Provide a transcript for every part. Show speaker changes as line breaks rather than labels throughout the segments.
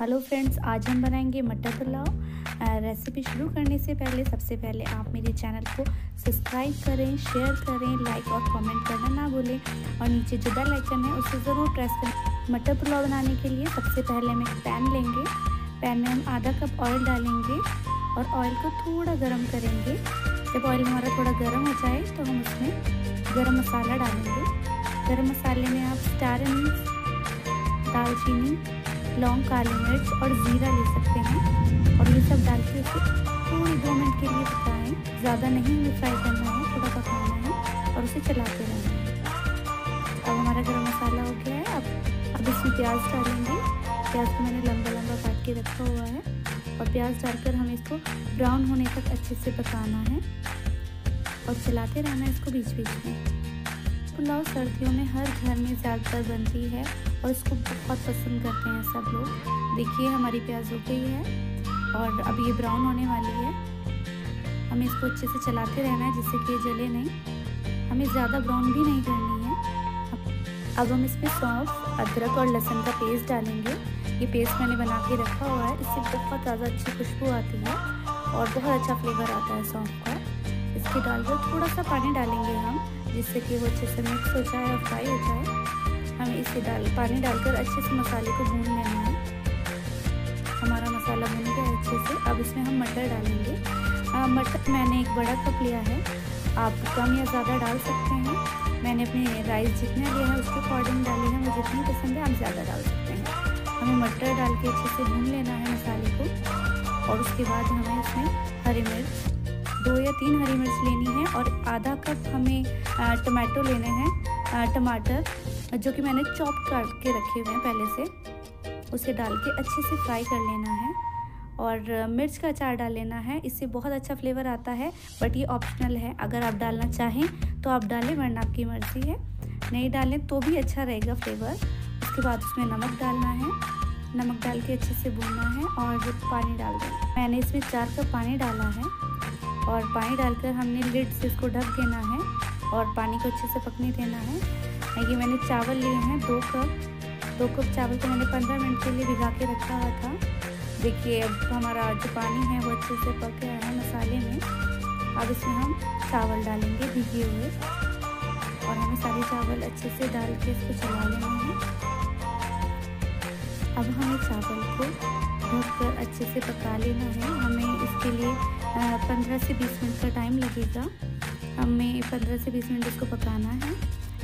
hello friends आज हम बनाएंगे मटर पुलाव रेसिपी शुरू करने से पहले सबसे पहले आप मेरे चैनल को सब्सक्राइब करें शेयर करें लाइक और कमेंट करना ना भूलें और नीचे जो बेल आइकन है उसे ज़रूर प्रेस करें मटर पुलाव बनाने के लिए सबसे पहले हम एक पैन लेंगे पैन में हम आधा कप ऑयल डालेंगे और ऑयल को थोड़ा गर्म करेंगे जब ऑयल हमारा थोड़ा गर्म हो जाए तो हम उसमें गर्म मसाला डालेंगे गर्म मसाले में आप स्टार दालचीनी लौंग काली मिर्च और ज़ीरा ले सकते हैं और ये सब डाल के उसे पूरे दो मिनट के लिए पकाएं ज़्यादा नहीं ये फ्राई करना है थोड़ा पकाना है और उसे चलाते रहना है अब हमारा गर्म मसाला हो गया है अब अब इसमें प्याज डालेंगे प्याज को मैंने लंबा लंबा काट के रखा हुआ है और प्याज डालकर हमें इसको ब्राउन होने तक अच्छे से पकाना है और चलाते रहना है इसको बीच बीच में पुलाव सर्दियों में हर घर में ज़्यादातर बनती है और इसको बहुत पसंद करते हैं सब लोग देखिए हमारी प्याज हो गई है और अब ये ब्राउन होने वाली है हमें इसको अच्छे से चलाते रहना है जिससे कि जले नहीं हमें ज़्यादा ब्राउन भी नहीं करनी है अब हम इसमें सौंफ अदरक और लहसुन का पेस्ट डालेंगे ये पेस्ट मैंने बना के रखा हुआ है इससे बहुत ज़्यादा अच्छी खुशबू आती है और बहुत अच्छा फ्लेवर आता है सौंफ का इसके डालकर थोड़ा सा पानी डालेंगे हम जिससे कि वो अच्छे से मिक्स हो जाए और फ्राई हो जाए हमें इसे डाल पानी डालकर अच्छे से मसाले को भून लेना है हमारा मसाला भून गया अच्छे से अब इसमें हम मटर डालेंगे मटर मैंने एक बड़ा कप लिया है आप कम या ज़्यादा डाल सकते हैं मैंने अपने राइस जितना लिया है उसके अकॉर्डिंग डाली है मुझे जितनी पसंद है आप ज़्यादा डाल सकते हैं हमें मटर डाल के अच्छे से भून लेना है मसाले को और उसके बाद हमें इसमें हरी मिर्च दो या तीन हरी मिर्च लेनी है और आधा कप हमें टमाटो लेने हैं टमाटर जो कि मैंने चॉप करके रखे हुए हैं पहले से उसे डाल के अच्छे से फ्राई कर लेना है और मिर्च का अचार डाल लेना है इससे बहुत अच्छा फ्लेवर आता है बट ये ऑप्शनल है अगर आप डालना चाहें तो आप डालें वरना आपकी मर्ज़ी है नहीं डालें तो भी अच्छा रहेगा फ्लेवर उसके बाद उसमें नमक डालना है नमक डाल के अच्छे से भूनना है और पानी डाल दें मैंने इसमें चार कप पानी डाला है और पानी डालकर हमने लिड से इसको ढक देना है और पानी को अच्छे से पकने देना है ये मैंने चावल लिए हैं दो कप दो कप चावल को तो मैंने पंद्रह मिनट के लिए भिगा के रखा हुआ था देखिए अब तो हमारा जो पानी है वो अच्छे से पक गया है मसाले में अब इसमें हम चावल डालेंगे भिगे हुए और हमें सारे चावल अच्छे से डाल के इसको चला लेना है अब हमें चावल को भून कर अच्छे से पका लेना है हमें इसके लिए पंद्रह से बीस मिनट का टाइम लगेगा हमें पंद्रह से बीस मिनट इसको पकाना है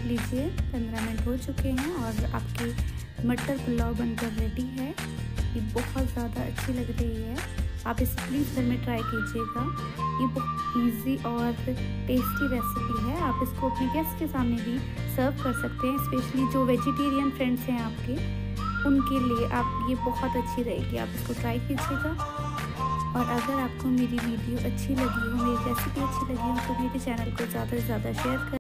लीजिए पंद्रह मिनट हो चुके हैं और आपकी मटर पुलाव बनकर रेडी है ये बहुत ज़्यादा अच्छी लग रही है आप इसे प्लीज़ घर में ट्राई कीजिएगा ये बहुत ईजी और टेस्टी रेसिपी है आप इसको अपने गेस्ट के सामने भी सर्व कर सकते हैं स्पेशली जो वेजिटेरियन फ्रेंड्स हैं आपके उनके लिए आप ये बहुत अच्छी रहेगी आप इसको ट्राई कीजिएगा और अगर आपको मेरी वीडियो अच्छी लगी हो मेरी रेसिपी अच्छी लगी हो तो मेरे चैनल को ज़्यादा से ज़्यादा शेयर करें